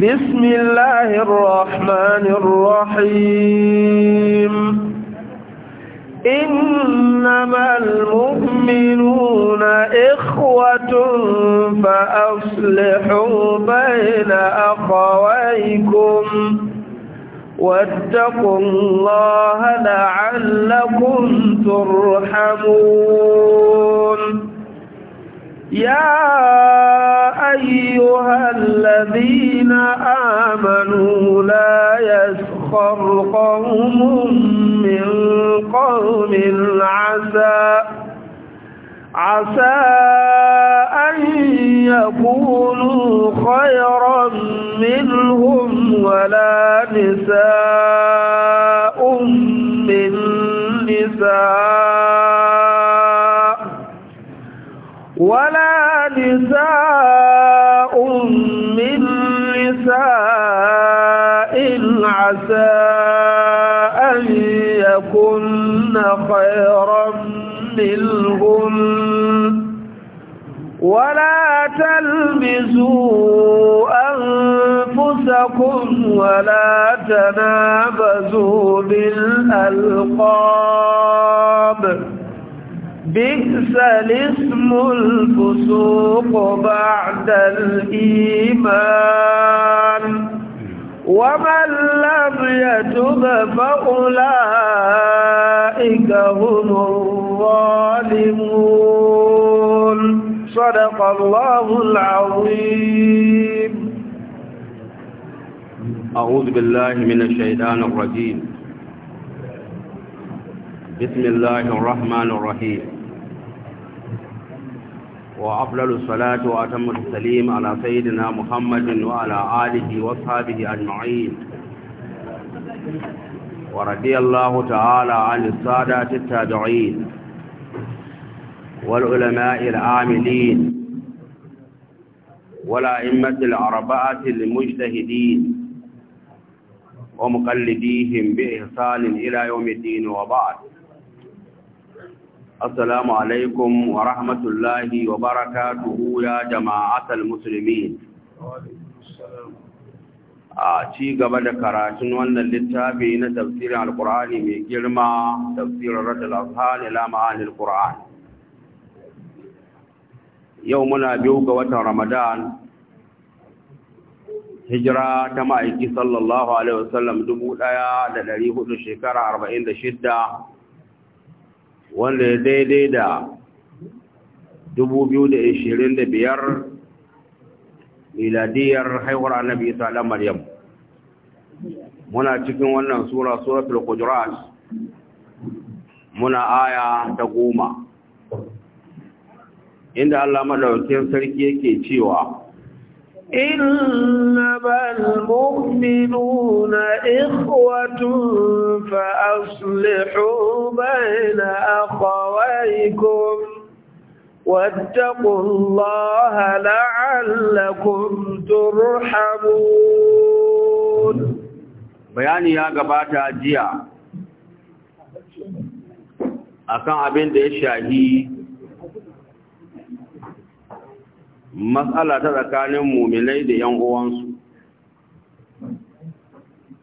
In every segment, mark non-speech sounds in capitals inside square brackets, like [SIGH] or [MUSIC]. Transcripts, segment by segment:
بسم الله الرحمن الرحيم إنما المؤمنون إخوة فأصلحوا بين أخويكم واتقوا الله لعلكم ترحمون يا أيها الذين آمنوا لا يسخر قوم من قوم عسى عسى أن يكونوا خيرا منهم ولا نساء من نساء إن عسى أن يكن خيرا منهم ولا تلمزوا أنفسكم ولا تنابزوا بالألقاب بئس الاسم الفسوق بعد الإيمان ومن لم يتب فأولئك هم الظالمون صدق الله العظيم أعوذ بالله من الشيطان الرجيم بسم الله الرحمن الرحيم وأفضل الصلاة وأتم التسليم على سيدنا محمد وعلى آله وأصحابه أجمعين ورضي الله تعالى عن السادة التابعين والعلماء العاملين والأئمة الأربعة المجتهدين ومقلديهم بإحسان إلى يوم الدين وبعد السلام عليكم ورحمة الله وبركاته يا جماعة المسلمين a ci gaba da karatun wannan littafi na tafsirin alkur'ani mai girma tafsirin radar alhali lama'anin alkur'ani yau muna biyu ga watan ramadan hijira ta ma'aiki sallallahu alaihi wasallam dubu ɗaya da ɗari hudu shekara arba'in da shidda wanda ya daidai da 2025 miladiyar haihuwar annabi isa dan maryam muna cikin wannan sura suratul muna aya ta goma inda Allah madaukakin sarki yake cewa إنما المؤمنون إخوة فأصلحوا بين أخويكم واتقوا الله لعلكم ترحمون بياني يا قبات جيا أكان أبين دي شاهي matsala ta tsakanin muminai da ‘yan uwansu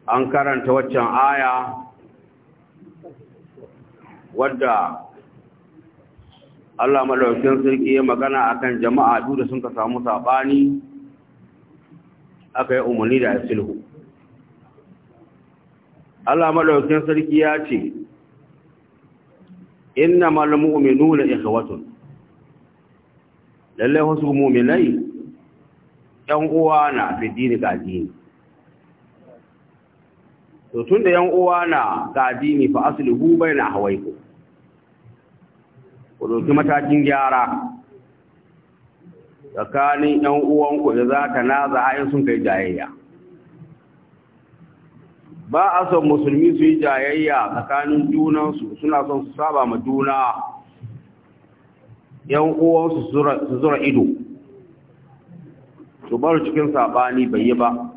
an karanta waccan aya wadda Allah madaukakin sarki ya magana akan jama'a biyu da sun ka samu sabani aka yi umarni da sulhu Allah madaukakin sarki ya ce innamal mu'minuna ikhwatun lallai wasu muminai ‘yan uwa na dini ga dini to tun da ‘yan uwa na ga dini fa asali hubai na hawaiku ku ɗauki matakin gyara tsakanin ‘yan uwanku da za ka na za'ayin sun kai jayayya ba a son musulmi su yi jayayya tsakanin junansu suna son su saba ma juna yan uwansu su zura ido su bar cikin sabani bai yi ba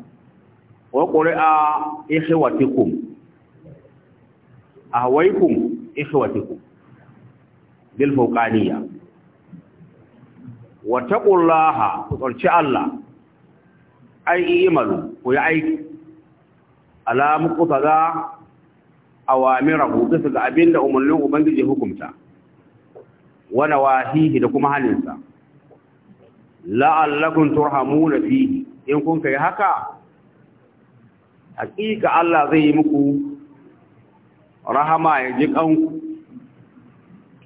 wa ƙuri'a ihwatikum ahwaikum ihwatikum bil fawqaniyya wa taqullaha ku tsarci Allah ai imanu ku yi aiki ala muqtada awamirahu bisa ga abinda umarnin ubangiji hukumta wana wahihi da kuma halinsa la'allakum turhamuna fihi in kun kai haka hakika Allah zai yi muku rahama ya ji kanku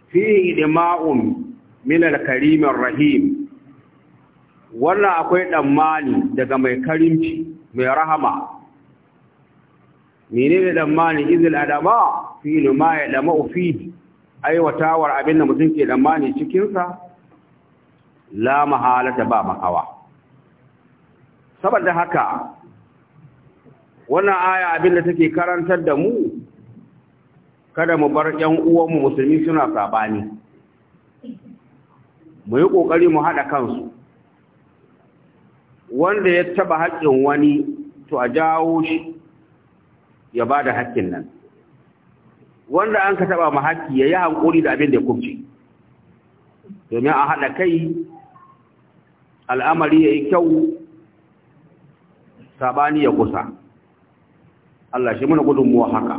fihi dima'un min al-karim rahim wannan akwai damani daga mai karimci mai rahama menene damani izil adama fi ma ya dama fihi aiwatawar abin da mutum ke damani cikinsa la mahalata ba makawa saboda haka wannan aya abin da take karantar da mu kada mu bar 'yan uwanmu musulmi suna sabani mu yi ƙoƙari mu haɗa kansu wanda ya taɓa haƙƙin wani to a jawo shi ya ba da haƙƙin nan wanda an ka taba ya yi hankuri da abin da ya kubce domin a haɗa kai al'amari ya yi kyau sabani ya kusa Allah shi muna gudunmuwa haka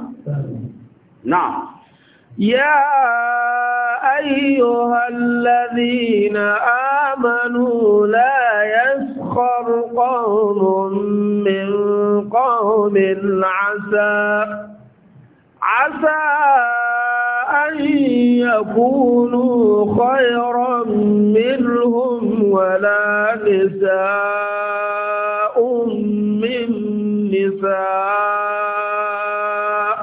na ya ayyuhal ladhina amanu la yaskhar qawmun min عسى أن يكونوا خيرا منهم ولا نساء من نساء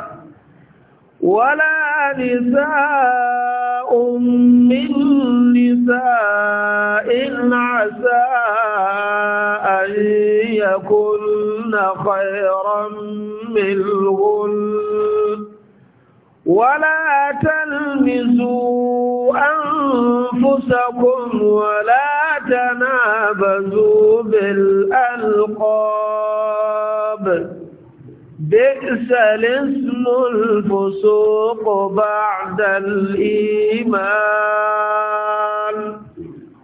ولا نساء من نساء عسى أن يكون خيرا منهم ولا تلمزوا أنفسكم ولا تنابزوا بالألقاب بئس الاسم الفسوق بعد الإيمان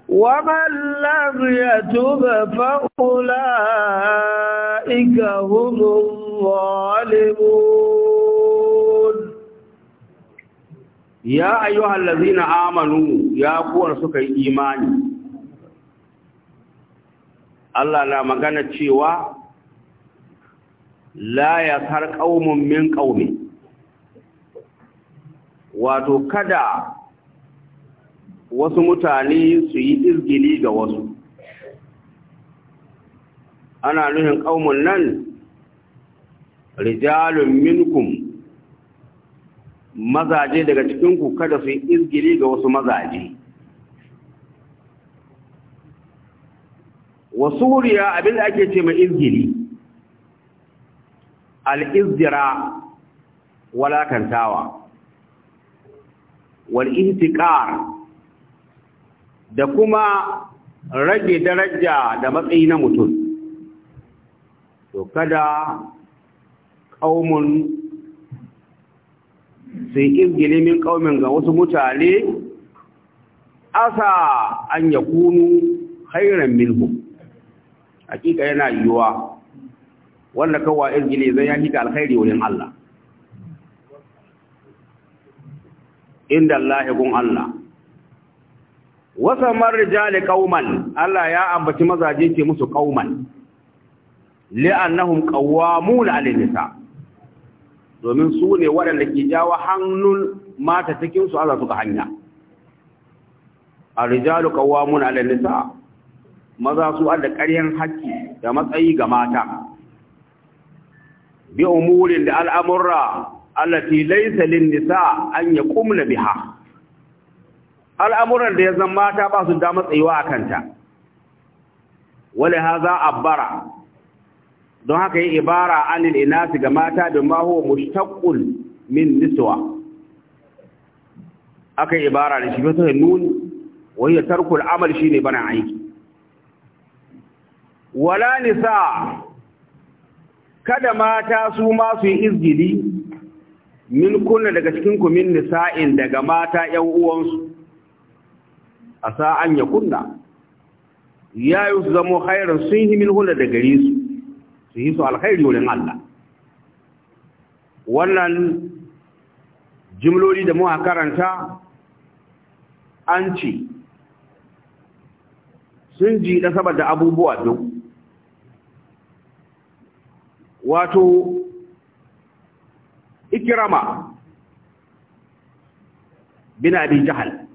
ومن لم يتب فأولئك هم الظالمون ya ayyuhal ladzina amanu ya kuwar suka yi imani Allah na magana cewa la yasar qaumun min qaumi wato kada wasu mutane su yi izgili ga wasu ana nuhin qaumun nan rijalun minkum mazaje daga cikinku kada su yi izgiri ga wasu mazaje Wasu suriya abinda ake ce mai izgiri al'izdira walakantawa wal'intikar da kuma rage daraja da matsayi na mutum to kada ƙaumun sai izgili ƙaumin ga wasu mutane asa an ya kunu hairan milhu hakika yana yiwuwa wanda kawai izgili zai ya hika alkhairi wurin Allah inda Allah gun Allah wasa marjali qauman Allah ya ambaci mazaje ke musu qauman li'annahum qawwamuna 'ala nisa' domin su ne waɗanda ke jawo hannun mata cikin su Allah suka hanya A rijalu ƙauwa 'ala nisa maza su da ƙaryan haƙƙi da matsayi ga mata bi umurin da al'amurra allati laysa lin nisa an yaqumna biha al'amuran da ya zama mata ba su da matsayiwa akanta wala hadha bara? don haka yi ibara anil inasi ga mata da maho huwa min niswa aka yi ibara da shi ba ta nun wai tarkul amal shi ne bana aiki wala nisa kada mata su ma su yi izgidi min kunna daga cikin kumin min nisa'in daga mata ƴan uwansu a an ya kunna ya yi su zamo hairar sun yi min hula da gare su su yi su alkhairi wurin Allah wannan jimloli da muka karanta an ce sun ji da saboda abubuwa duk wato ikirama bin abi jahal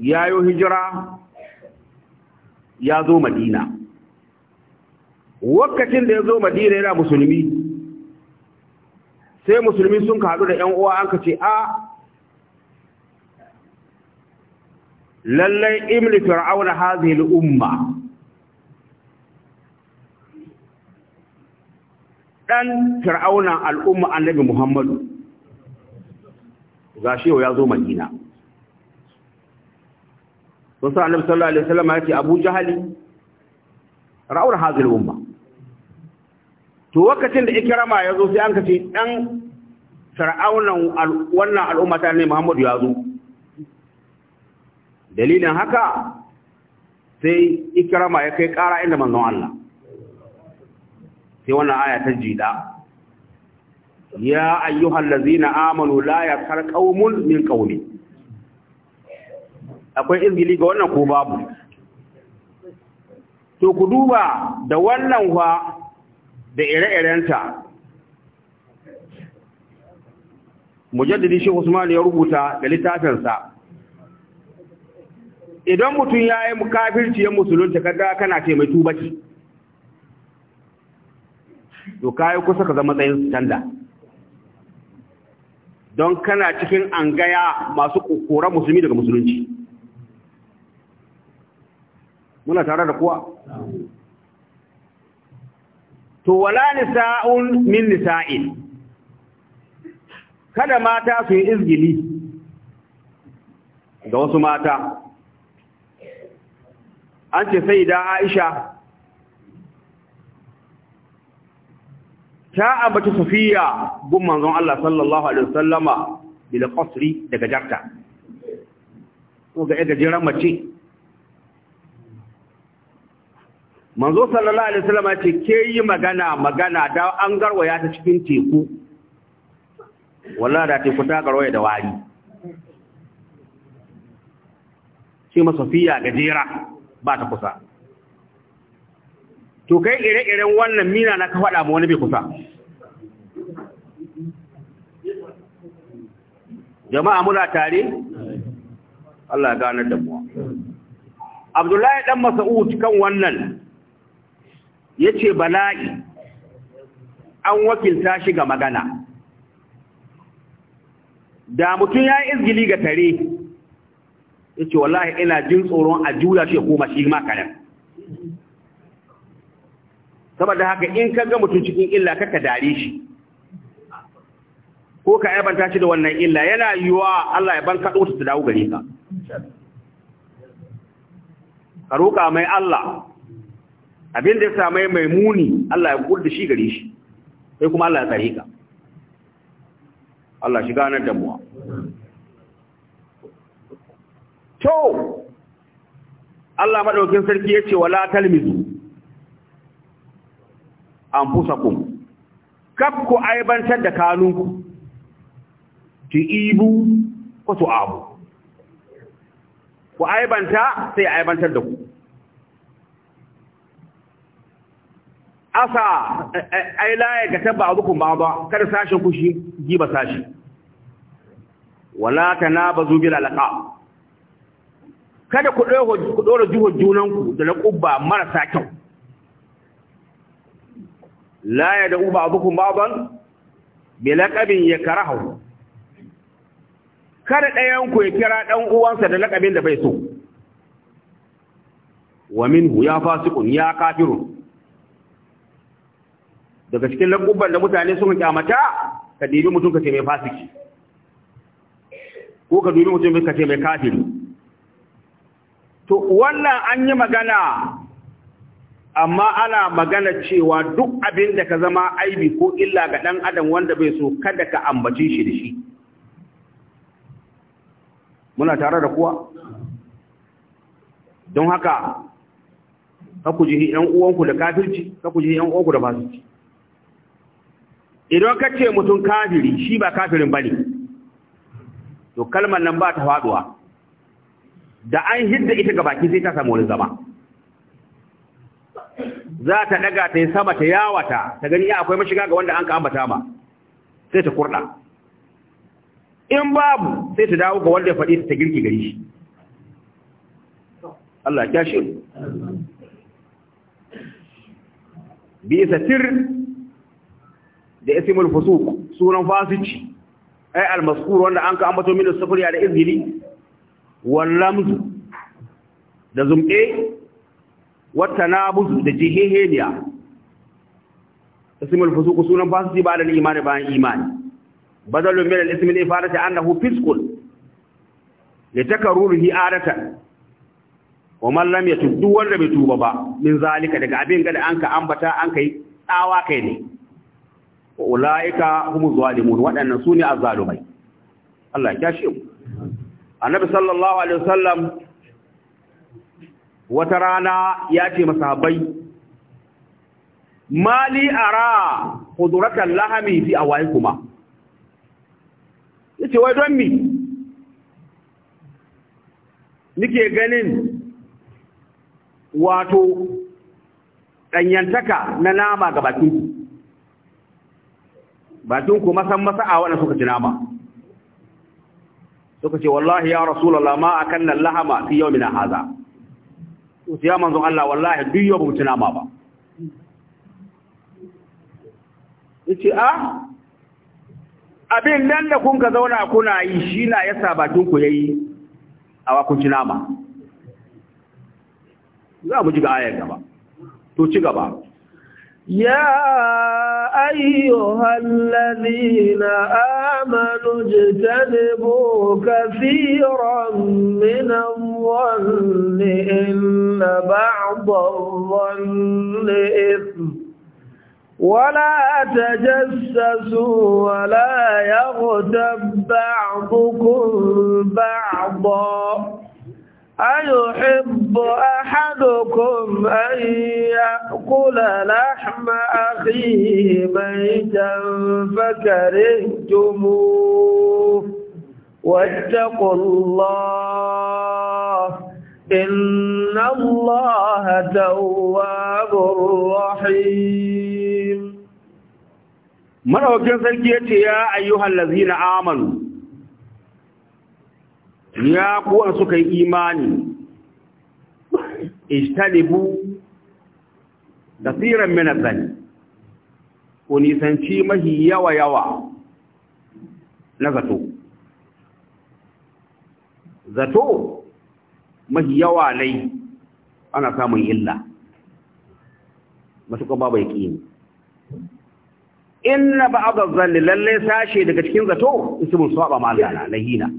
yayo hijira ya zo madina wakacin da ya zo madina yana musulmi sai musulmi sun kaɗu haɗu da ‘yan’uwa uwa an ka ce a lallai imli fir'auna hazihil umma ɗan fir'auna al'umma annabi muhammadu za yau ya zo madina sun annabi sallallahu alaihi wasallam ya ce abu jihali ra'ura hazihil umma to wakacin da ikirama ya zo sai an kace dan fir'aunan wannan al'umma ta ne Muhammadu ya zo dalilin haka sai ikirama ya kai ƙara inda manzon Allah sai wannan aya ta jida ya ayyuhal ladzina amanu la yakhar qaumun min qaumi akwai izgili ga wannan ko babu to ku duba da wannan wa da ire-irenta mujaddidi shi Usman ya rubuta da littafinsa idan mutum ya yi mukafirci ya musulunta kada kana ce mai tubaci to kayi kusa ka zama tsayin standa don kana cikin angaya masu kokora musulmi daga musulunci muna tare da kuwa to wala nisa'un min nisa'in kada mata su yi izgili ga wasu mata an ce sai da Aisha ta ambaci Safiya gun manzon Allah sallallahu alaihi wasallama bil qasri daga jarta ko ga ga mace manzo sallallahu alaihi wasallam ya ce ke yi magana magana da an garwaya ta cikin teku wallahi da teku ta garwaya da wari ce masafiya gajera ba ta kusa to kai ire-iren wannan mina na ka faɗa ma wani bai kusa jama'a muna tare Allah ya ganar da mu Abdullahi dan Mas'ud kan wannan Ya ce bala'i an wakilta shi ga magana da mutum ya yi izgili ga tare ya ce wallahi ina jin tsoron a juya shi koma shi ma saboda haka in ka ga mutum cikin illa kaka dare shi ko ka aibanta shi da wannan illa yana yiwa Allah ya ban ɗauta ta dawo gare ka ka roƙa mai Allah abin da ya sami mai muni Allah ya da shi gare shi sai kuma Allah ya tsare ka Allah shi ganar da mu to Allah madaukin sarki ya yace wala talmizu anfusakum kaf ku aibantar da kanunku ti ibu ko su abu ku aibanta sai aibantar da ku asa eh, eh, ai laye ga tabba abukun ba ba kada sashen kushi ba sashi wala tanabazu bil alqa kada ku dora ku dora juhun junanku da laqubba marasa kyau la ya da uba bil laqabin ya karahu kada ɗayan ku ya kira dan uwansa da laqabin da bai so wa minhu ya fasiqun ya kafirun daga cikin lakubban da mutane sun kyamata ka dibi mutum ka ce mai fasiki ko ka dibi mutum ka ce mai kafiri to wannan an yi magana amma ana magana cewa duk abin da ka zama aibi ko illa ga ɗan adam wanda bai so kada ka ambaci shi da shi muna tare da kuwa don haka ka ku ji yan uwanku da kafirci ka ku ji yan uwanku da fasiki idan ka ce mutum kafiri shi ba kafirin ba ne to kalmar nan ba ta faduwa da an hidda ita ga baki sai ta samu wani zama za ta daga ta yi sama ta yawata ta gani ya akwai mashiga ga wanda an ka ambata ma sai ta kurɗa in babu sai ta dawo ga wanda ya faɗi ta girki gari shi Allah ya shi bisa tir da ismul fusuq sunan fasici ai al-maskur wanda an ka ambato min sufuriya da izgili wal da zumbe wat tanabuz da jihihiliya ismul fusuq sunan fasici ba da imani ba imani badalun min al ismi al-ifadati annahu li litakarruhi adatan wa man lam yatub wa wanda bai tuba ba min zalika daga abin ga da an ka ambata an kai tsawa kai ne ulaika humu zalimun waɗannan su ne azzalumai Allah ya shi annabi sallallahu alaihi wasallam wata rana ya ce masahabai mali ara huduratan lahami fi awaikuma yace wai don mi nike ganin wato ɗanyantaka na nama ga bakin bakin kuma san masa'a wanda suka ci nama suka ce wallahi ya rasulullah ma akanna lahama fi yawmina haza. to ya manzon Allah wallahi duk yau mu ci nama ba yace a ah, abin nan da kun ka zauna kuna yi shi na yasa tun ku yayi a wa kun ci nama za mu ji ga ayar gaba to ci gaba يا أيها الذين آمنوا اجتنبوا كثيرا من الظن إن بعض الظن إثم ولا تجسسوا ولا يغتب بعضكم بعضا أيحب أحدكم أن يأكل لحم أخيه ميتا فكرهتموه واتقوا الله إن الله تواب رحيم من أوكين سلكيتي يا أيها الذين آمنوا ya kuwa suka yi imani ishtalibu kasiran min azani ko nisanci mahi yawa yawa na zato zato mahi yawa lai ana samun illa Masu matuƙa babu yaƙini inna ba'd az-zalli lalle sashe daga cikin zato ismun saba ma Allah lahina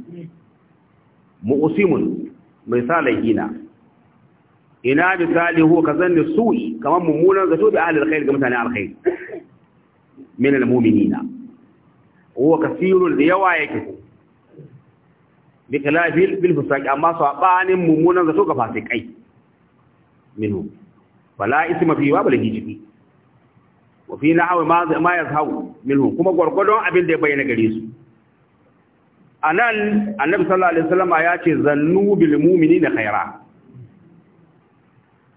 mu'usimun mai sa laihina ina bi salihu ka zanni su'i kamar mummunan zato da ahli alkhair ga mutanen alkhair min almu'minina huwa kasirun da yawa yake bi khilafil bil fusaqi amma sabanin mummunan zato ga fasikai minhu wala isma fi wabal bal hijibi wa fi na'aw ma ma yazhaw minhu kuma gurgudon abin da ya bayyana gare su a nan annabi sallallahu alaihi wasallama ya ce zannu bil mu'minina khaira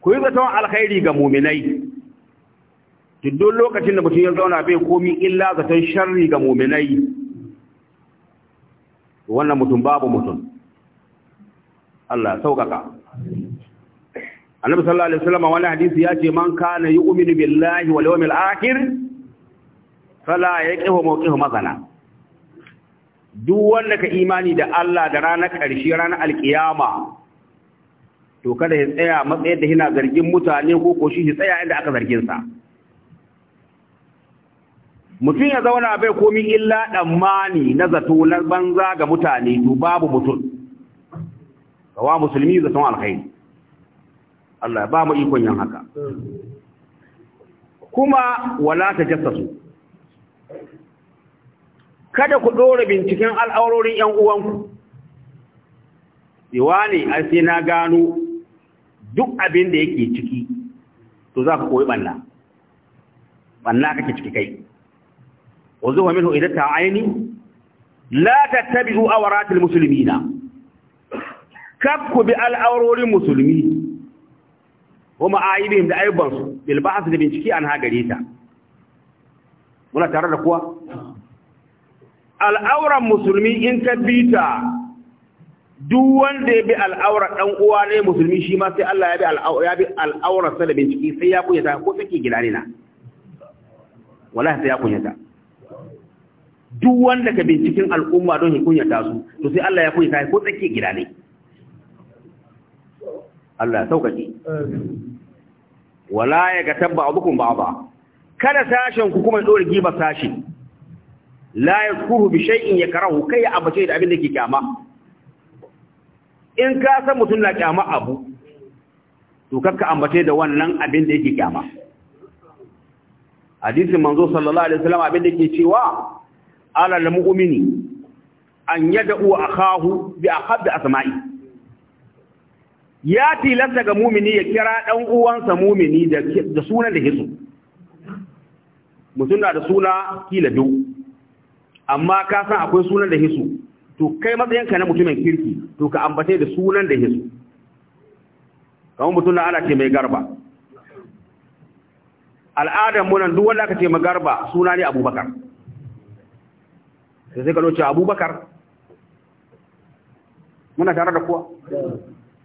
ku yi zaton alkhairi ga mu'minai duk lokacin da mutum ya zauna bai komi illa zaton sharri ga mu'minai wannan mutum babu mutum Allah ya sauƙaƙa annabi sallallahu alaihi wasallam wani hadisi ya ce man kana yu'minu billahi wal yawmil akhir fala yaqihu mawqihu mazana duk wanda ka imani da Allah da ranar ƙarshe ranar alƙiyama, to kada ya tsaya matsayar da yana zargin mutane ko ko shi tsaya inda aka zargin sa mutum ya zauna bai komi illa ɗammani na zato na banza ga mutane to babu mutum kawa musulmi zaton alkhairi Allah ba mu ikon yin haka kuma wala ta jassasu kada ku ɗora binciken al'aurorin ‘yan uwanku, yawa ne a sai na gano duk abin da yake ciki, to za ka koyi banna Banna kake ciki kai. Wanzu zuwa minhu idan ta aini, la ta tabi zuwa waratul musulmi na, kaf ku bi al'aurorin musulmi, kuma a yi da aibansu, bilba da bincike an hagare ta. Muna tare da kuwa? al'auran musulmi in ka bita duk wanda ya bi al'aura ɗan uwa ne musulmi shi ma sai Allah ya bi al'aura sa da bincike sai ya kunyata ko sake gida ne na wallahi sai ya kunyata duk wanda ka binciken al'umma don ya kunyata su to sai Allah ya kunyata ko sake gida ne Allah ya sauƙaƙe wala ya ga tabba abukun ba ba kada sashen ku kuma dore giba sashin la kuru bi shay'in yakrahu kai ya abace da abin da ke kyama in ka san mutum na kyama abu to kakka ambace da wannan abin da yake kyama hadisin manzo sallallahu alaihi wasallam abin da ke cewa ala lil mu'mini an yad'u akahu bi ahabbi asma'i ya tilasta ga mumini ya kira dan uwansa mumini da sunan da hisu mutum na da suna kila duk amma ka san akwai sunan da hisu to kai matsayinka na mutumin kirki to ka ambace da sunan da hisu kamar mutum na ana ce mai garba al'adar munan duk wanda aka ce mai garba suna ne abubakar sai ka doce abubakar muna tare da kuwa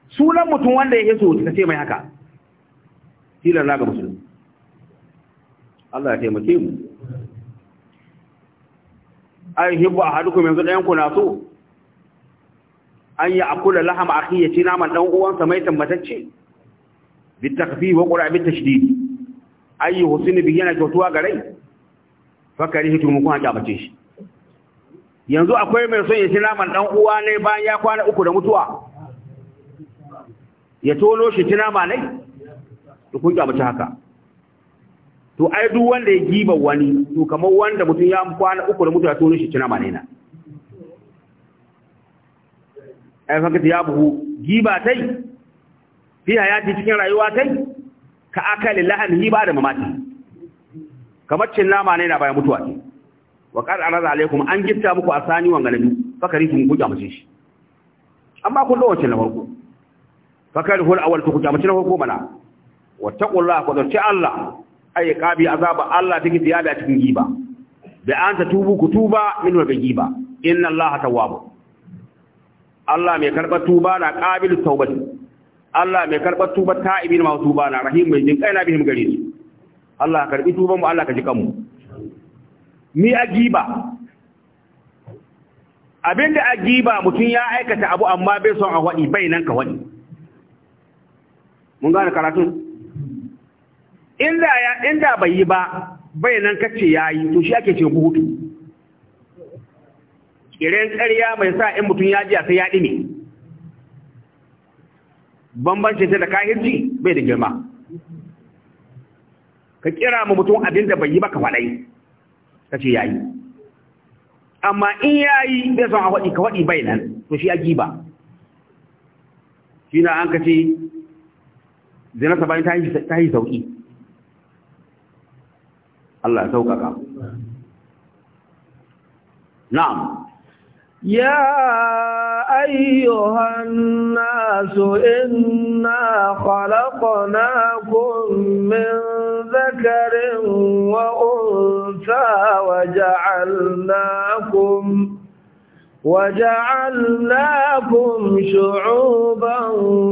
sunan mutum wanda ya hisu ka ce mai haka tilar na ga musulmi Allah ya taimake mu ai hibbu ahadukum yanzu ɗayan ku na so an yi akula laham akhiyati ya ci naman dan uwansa mai tambatacce bi takfif wa qura bi tashdid ayi husin bi yana kyautuwa ga rai fakarihi mu kun haƙa shi yanzu akwai mai son ya ci naman dan uwa ne bayan ya kwana uku da mutuwa ya tono shi ci nama ne kun kyamace haka to ai duk wanda ya giba wani to kamar wanda mutum ya kwana uku da mutuwa tono shi cina manena ai fakata ya buhu giba tai fi hayati cikin rayuwa tai ka akali lahan hiba da mamaki. kamar cin nama ne na bayan mutuwa ce wa qad arada alaikum an gitta muku asani wa galabi fakari kun guja mace shi amma kun dawo cin na farko fakari hul awal ku guja mace na farko na. wa taqullaha ku darci Allah ay kabi azaba Allah take ziyada cikin giba da an ta tubu ku tuba min wa giba inna Allah tawwab Allah mai karbar tuba na qabilu tawbati Allah mai karbar tuba ta'ibin ma tuba na rahim mai jin kaina bihim gare su Allah karbi tuban mu Allah ka ji kanmu mi agiba abinda agiba mutun ya aikata abu amma bai son a wadi bai nan ka wadi mun gane karatun inda da bai yi ba bai nan kace yi, to shi ake ce buhutu kiran ƙarya mai sa in mutum ya ji sai ya dime bambance ta da kahirci bai da girma ka kira mu mutum abin da bai yi ba ka faɗai kace yi. amma in ya yi bai son a waɗi, ka waɗi bai nan to shi ya giba shi na an kace zina ta bayan ta yi sauki الله ya نعم يا أيها الناس إنا خلقناكم من ذكر وأنثى وجعلناكم وجعلناكم شعوبا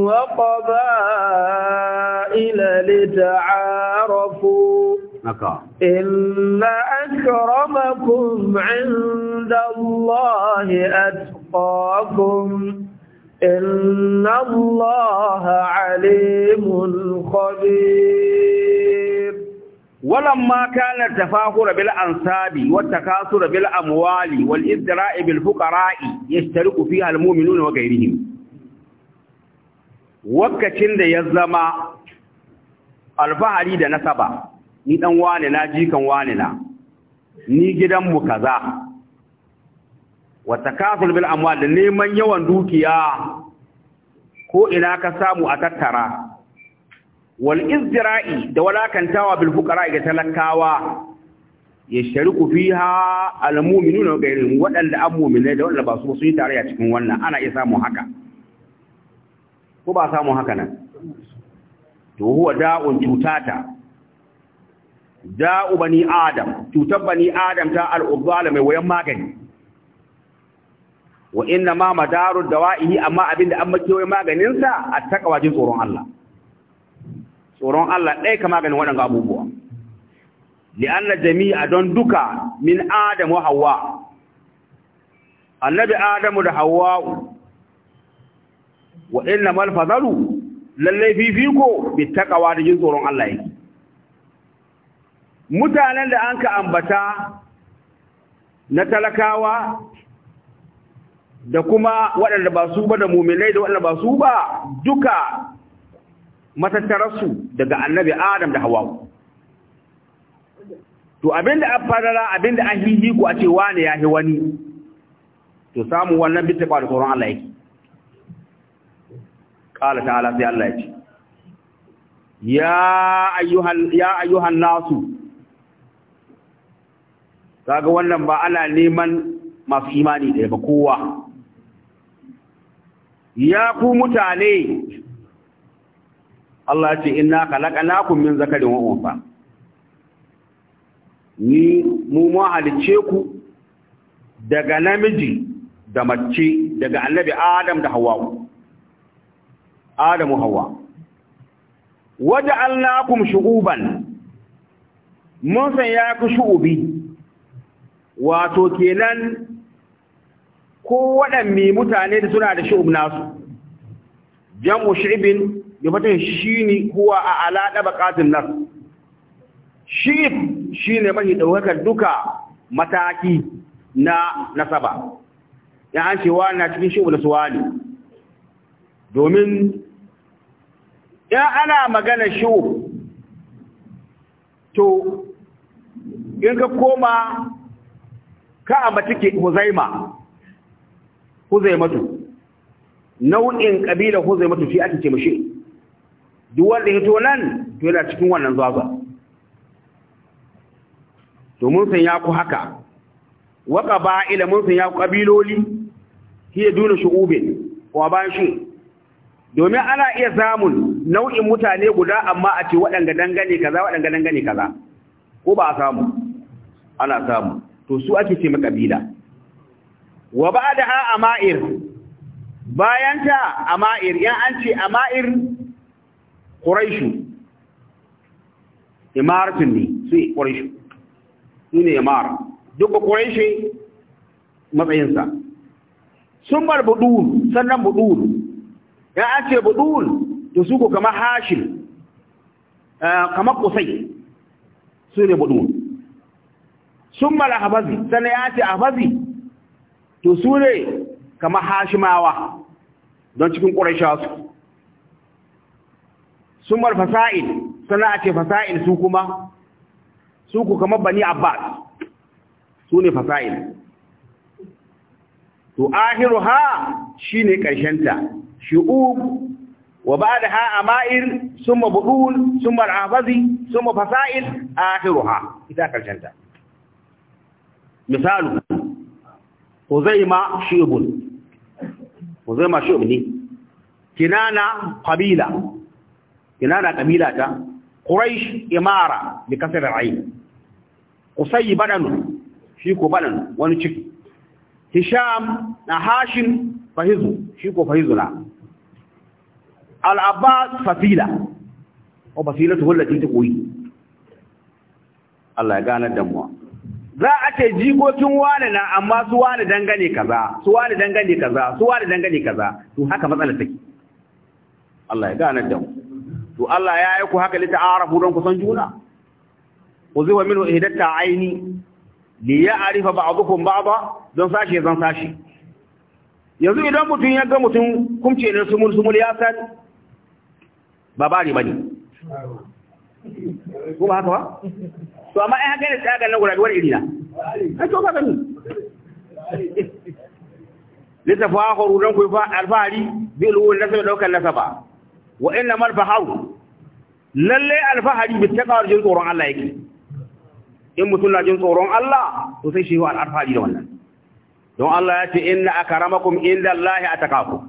وقبائل لتعارفوا إن أكرمكم عند الله أتقاكم إن الله عليم خبير ولما كان التفاخر بالأنصاب والتكاثر بالأموال والإزدراء بالفقراء يشترك فيها المؤمنون وغيرهم وكتند يظلم الفهري دنسبه ni dan wane na jikan wane na ni mu kaza wa kafin bil da neman yawan dukiya ko ina ka samu a tattara wal izra'i da walakantawa bil fuqara ga talakawa ya shariku fiha al mu'minuna wa ghayruhum wadanda an mu'minai da wadanda ba su sun yi tarayya cikin wannan ana iya samu haka ko ba samu haka nan to huwa da'un cutata da'u bani adam cutar bani adam ta al'ubala mai wayan magani wa inna ma madarud dawa'ihi amma abinda an wayan maganin sa a takawa jin tsoron Allah tsoron Allah ɗaya ka maganin waɗanda abubuwa anna jami'a don duka min adam wa hawa annabi adamu da hawa wa inna mal fadalu lalle fifiko bi takawa da jin tsoron Allah yake mutanen da an ka ambata na talakawa da kuma waɗanda ba su ba da mummilai da waɗanda ba su ba duka matattararsu daga annabi adam da hawa to abinda an farara abinda an hihi ku a ce wani ya wani to samun wannan bitta ba da tsoron Allah yake ƙala ta'ala sai Allah ya ce ya ya ayyuhan nasu kaga wannan ba ana neman masu imani da ba kowa ya ku mutane Allah ce inna khalaqnakum min zakarin wa unsa ni mu mu halice ku daga namiji da mace daga annabi Adam da hawa Adamu hawa waja'alnakum shu'uban mun san ya ku shu'ubi wato kenan ko waɗanne mutane da suna da shi'ub nasu jam'u shi'ibin da fatan shi ne kuwa a alaɗa ɗabaƙatin nan. shi'ib shi ne mahi ɗaukakar duka mataki na nasaba ya an cewa na cikin shi'ub da ne domin ya ana magana shi'ub to in ka koma ka a matike huzaima huzaimatu nau'in kabila huzaimatu shi ake ce mashi duk wanda hito nan to yana cikin wannan zuwa to mun san ya ku haka wa qaba'ila mun san ya ku kabiloli hiya duna shu'ubin wa ba shi domin ana iya samun nau'in mutane guda amma a ce waɗanga dangane kaza waɗanga dangane kaza ko ba a samu ana samu to su ake ce makabila wa ba'daha ama'ir bayanta ama'ir yan an ce ama'ir quraishu imaratun ne su quraishu su ne imar duk quraishi matsayinsa sun bar budul sannan budul ya an ce budul to su ko kamar hashim eh, kamar kusai su ne budul sun mara habazi sannan ya ce habazi to su ne kama hashimawa don cikin ƙurashawa su sun mara fasa'il sannan a ce fasa'il su kuma su ku kama bani abbas su ne fasa'il to ahiru ha shi ne ƙarshenta shi'ub wa ba da ha a ama'ir sun mabu'ul sun mara habazi sun mafasa'il ahiru ha ita ƙarshenta misalu huzaima shibun huzaima shibun ne kinana kabila kinana kabila ta quraish imara bi kasr al ayn usayy badan shi ko badan wani ciki hisham na hashim fahizu shi ko na al-abbas fasila wa fasilatu allati taqwi Allah ya ganar da mu za a ce jikokin wane na amma su wane dangane kaza su wane dangane kaza su wane dangane kaza to haka matsalar take Allah ya gane da mu to Allah ya yi ku haka li ta'arafu don ku san juna zuwa minu ihdatta aini li ya'rifa ba'dukum ba'da don sashi zan sashi yanzu idan mutum ya ga mutum kumce ne sumul sumul ya san ba bari bane ko ba haka ba to amma ai haka ne tsaya ga nan guda wani iri na ai to ka gani litafahuru dan ku fa alfahari bil wul nasaba daukan nasaba wa inna mal faharu lalle alfahari bi takawar jin tsoron Allah yake in mutum na jin tsoron Allah to sai shi wa alfahari da wannan don Allah ya ce inna akramakum inda Allah atakakum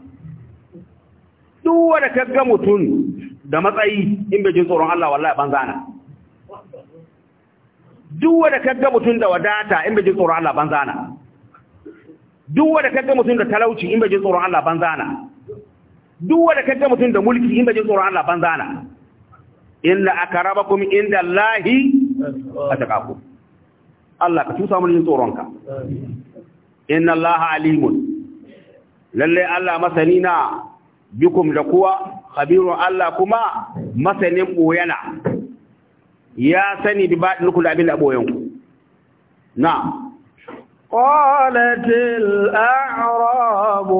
duk wanda kaga mutum da matsayi in bai jin tsoron Allah wallahi banzana duk wanda kaga mutum da wadata in bai ji tsoron Allah banzana duk wanda kaga mutum da talauci in bai ji tsoron Allah banzana duk wanda kaga mutum da mulki in bai ji tsoron Allah banzana inna akrabakum inda Allahi Allah ka tusa mun yin tsoron ka inna Allah alimun lalle Allah masani na bikum da kuwa khabirun Allah kuma masanin boyana ya sani bi baɗin ku da abin da boyen ku na قالت الأعراب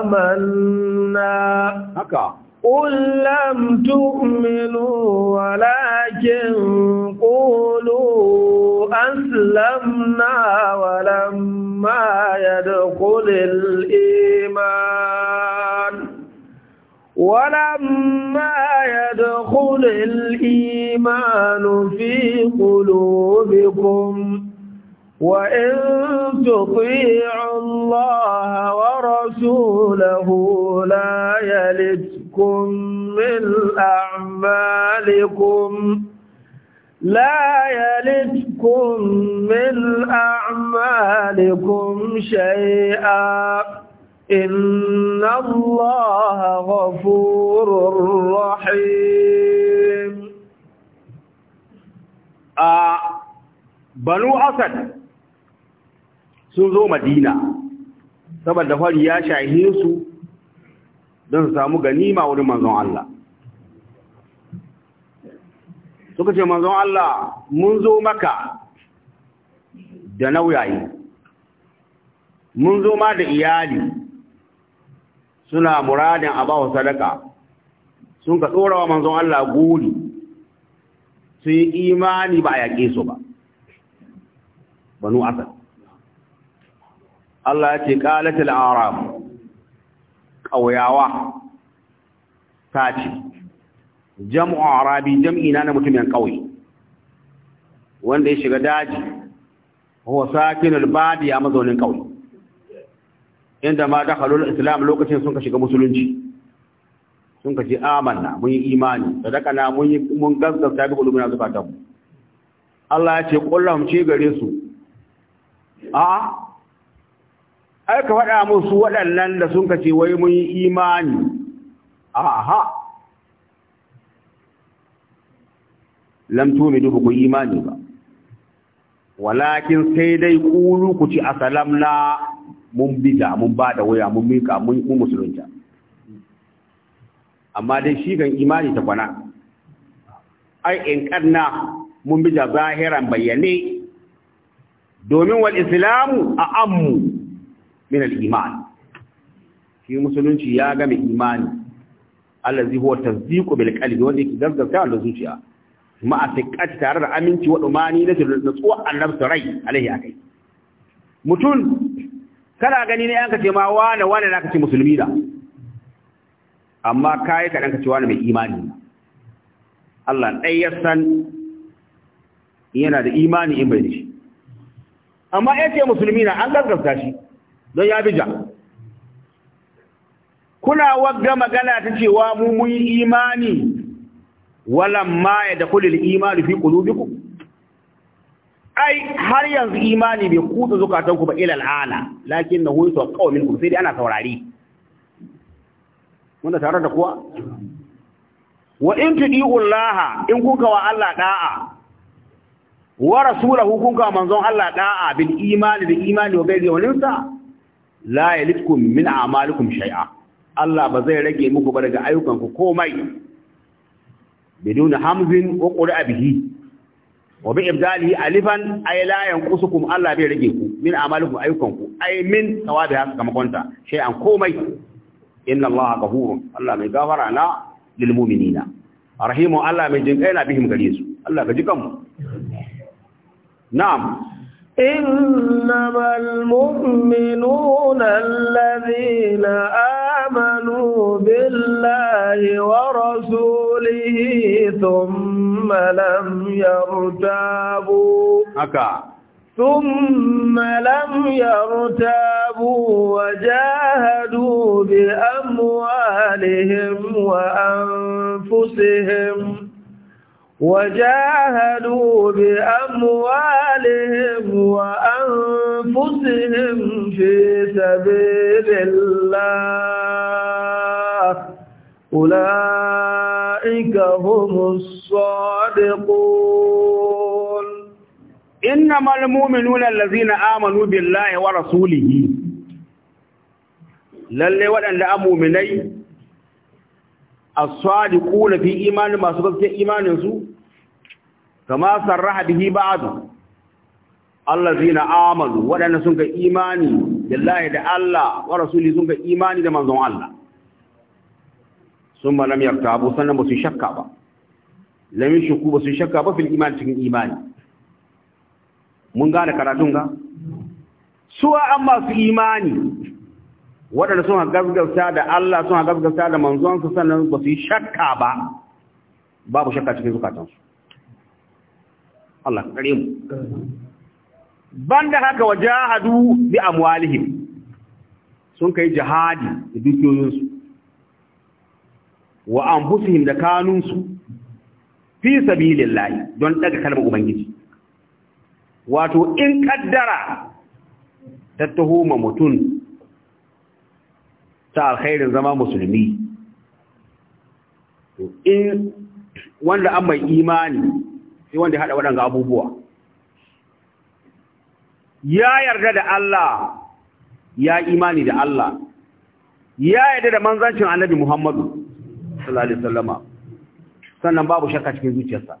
آمنا هكا قل لم تؤمنوا ولكن قولوا أسلمنا ولما يدخل الإيمان ولما يكن الإيمان في قلوبكم وإن تطيعوا الله ورسوله لا يلدكم من أعمالكم لا يلدكم من أعمالكم شيئا إن الله غفور رحيم a banu asad sun zo madina saboda fari ya shahe su don su samu ganima wurin manzon Allah suka ce manzon Allah mun zo maka da nauyayi mun zo ma da iyali suna muradin abawa sadaka sun ka tsorawa manzon Allah guri su yi imani ba a yaƙe su ba banu asad Allah ya ce ƙalatul arab ƙauyawa ta ce jam'u arabi jam'i na na mutumin ƙauye wanda ya shiga daji huwa sakin albadi ya mazaunin ƙauye inda ma dakhalul islam lokacin sun ka shiga musulunci sun ka ce amanna mun yi imani sadaka na mun yi mun gaskata bi kulubuna zakatan mu Allah ya ce kullum ce gare su a ai ka faɗa musu waɗannan da sun ka ce wai mun yi imani aha lam tumidu ku imani ba walakin sai dai kulu ku ci asalamna mun bida mun bada waya mun mika mun musulunta amma dai shi kan imani ta kwana ai in karna mun bi da zahiran bayyane domin wal islamu a ammu min al iman shi musulunci ya ga mai imani allazi huwa tasdiqu bil qalbi wanda yake gaggauta da zuciya ma a tikkati tare da aminci wa dumani na tsuwa annabi rai alaihi akai mutum kana gani ne an ka ce ma wane wane na ka musulmi da amma kai kaɗan ka cewa mai imani Allah ɗai ya san yana da imani in bai da shi amma ce musulmi na an gaskata shi don ya bija kuna wagga magana ta cewa mu mun imani ma ya da kulil imani fi qulubikum ai har yanzu imani bai kutsa zukatanku ba ilal ala lakin na huwa qawmin kum sai dai ana saurari. muna tare da kuwa wa in tudiullaha in kuka wa Allah da'a wa rasulahu kuka manzon Allah da'a bil imani bil imani wa gairi wa nisa la yalitkum min a'malikum shay'a Allah ba zai rage muku ba daga ayyukanku komai bidun hamzin wa qur'a bihi wa bi ibdalihi alifan ay la yanqusukum Allah bai rage ku min a'malikum ayyukanku ay min thawabi haka kamakonta shay'an komai إن الله غفور الله من غفر انا للمؤمنين رحيم الله من جنب إلا بهم قليز الله بجكم نعم إنما المؤمنون الذين آمنوا بالله ورسوله ثم لم يرتابوا ثم لم يرتابوا وجاهدوا بأموالهم وأنفسهم وجاهدوا بأموالهم وأنفسهم في سبيل الله أولئك هم الصادقون Inna innamal mu'minuna allazina amanu billahi wa rasulihi lalle waɗanda amuminai as-sadiquna fi imanin masu gaskiyar imaninsu su kama sarraha bihi ba'du allazina amanu waɗanda sun ga imani billahi da Allah wa rasuli sun ga imani da manzon Allah Sun summa lam yartabu sannan ba su shakka ba lam yushku ba su shakka ba fil iman cikin imani mun gane karatun ga suwa an masu imani waɗanda sun gaggauta da Allah sun gaggauta da manzonsa sannan ba su yi shakka ba babu shakka cikin zukatansu Allah kare mu banda haka wajahadu bi amwalihim sun kai jihadi da dukiyoyinsu wa anfusihim da kanunsu fi sabilillahi don daga kalmar ubangiji wato in kaddara ta tuhuma mutum ta alkhairin zama musulmi in wanda an mai imani sai wanda ya hada waɗanda abubuwa ya yarda da Allah ya imani da Allah ya yarda da manzancin annabi Muhammadu sallallahu alaihi wasallama sannan babu shakka cikin zuciyarsa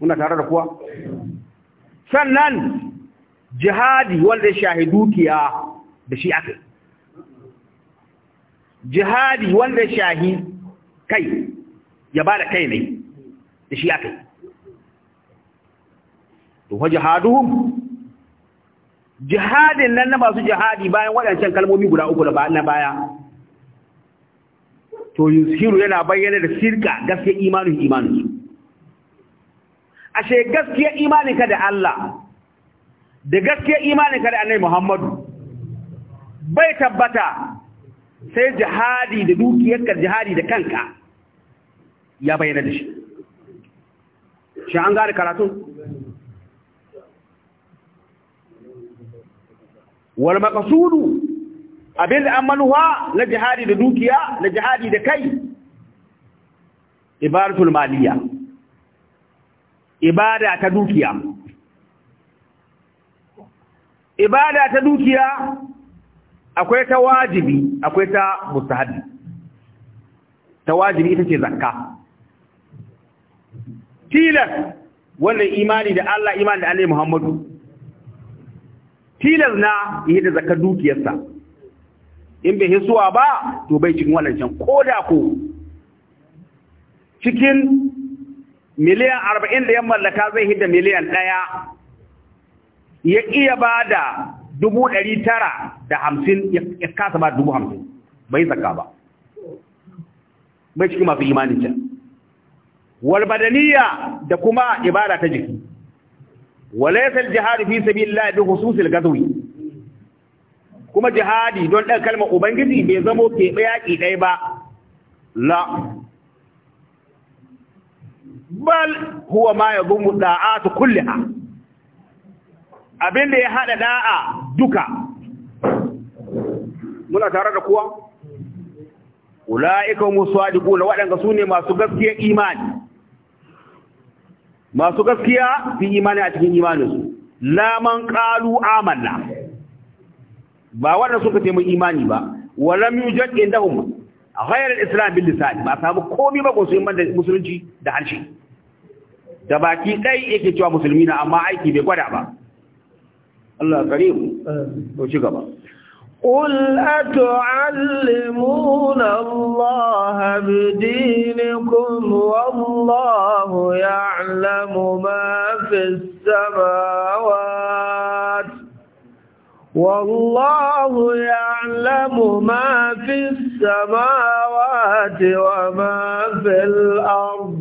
muna tare da kuwa sannan jihadi wanda dukiya da shi aka jihadi wanda shahi kai ya ba da kai ne da shi aka to wa jihaduhum jihadin nan na masu jihadi bayan waɗancan kalmomi guda uku da na baya to yusiru yana bayyana da sirka gaske imanin imanin ashe gaskiya imaninka da Allah da gaskiya imaninka da Annabi Muhammadu bai tabbata sai jihadi da dukiyarka jihadi da kanka ya bayyana da shi an gane karatu wal maqsudu abinda an manuwa na jihadi da dukiya na jihadi da kai ibaratul maliya ibada ta dukiya ibada ta dukiya akwai ta wajibi akwai ta mustahabi ta wajibi ita ce zakka tilas wannan imani da Allah imani da Allah Muhammadu tilas na yi da zakar dukiyarsa in bai hisuwa ba to bai cikin wannan can da ko cikin miliyan arba'in da ya mallaka zai hidda miliyan ɗaya ya iya ba da dubu ɗari tara da hamsin ya kasa ba dubu hamsin bai zaka ba bai cikin masu imanin can walbadaniya da kuma ibada ta jiki walaisal jihadi fi sabilillah bi hususil gazwi kuma jihadi don ɗan kalmar ubangiji bai zamo keɓe yaƙi ɗaya ba la bal huwa ma ta da'atu kulliha abinda ya haɗa da'a duka muna tare da kuwa ulaika musadiquna wadanga sune masu gaskiya imani masu gaskiya fi imani a cikin imaninsu laman qalu amanna ba waɗanda suka ce imani ba walam da indahum ghayr al-islam bil lisan ba samu komi ba ko su da musulunci da harshe da baki ɗai yake cewa musulmi na amma aiki bai gwada ba Allah karimu to ci gaba قل أتعلمون الله بدينكم والله يعلم ما في السماوات والله يعلم ما في السماوات وما في الأرض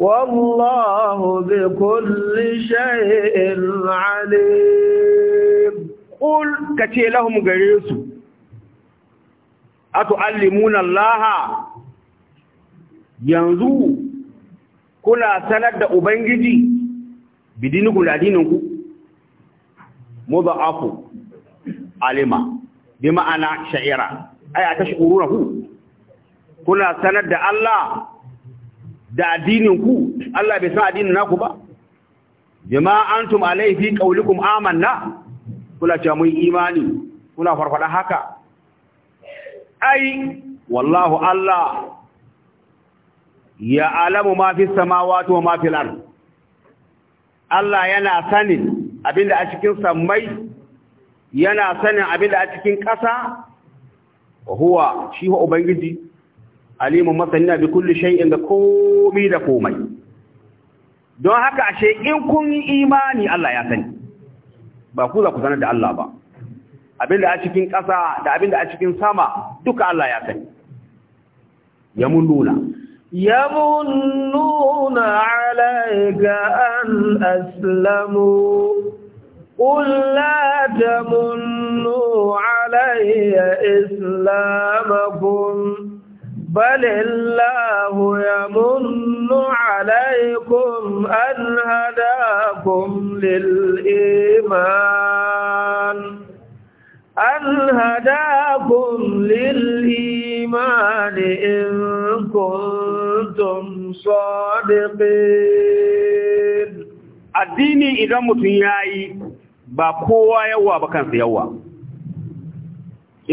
Wallahu bikun lishayyar wani. Kul ka ce lahu ga Yesu. A to alli munallaha. Yanzu. Kuna sanad da ubangiji? Bidiniku, alima. Gima ana shaira. Aya tashi uru na hu. Kuna sanad da Allah? da addinin ku Allah bai san addinin naku ba jama'a antum alaihi qaulukum amanna kula cewa mun imani kuna farfada haka ai wallahu Allah ya alamu ma fi samawati wa ma fil ard Allah yana sanin abinda a cikin sammai yana sanin abinda a cikin ƙasa huwa shi ubangiji alimun masanina bi kulli shay'in da komai da komai don haka ashe in kun yi imani Allah ya sani ba ku za ku sanar da Allah ba abinda a cikin ƙasa da abinda a cikin sama duka Allah ya sani ya mununa nuna عليك an aslamu, قل لا تمنوا علي إسلامكم بل الله يمن عليكم أن هداكم للإيمان أن هداكم للإيمان إن كنتم صادقين addini idan mutum ya yi ba kowa yawa ba kansa yawa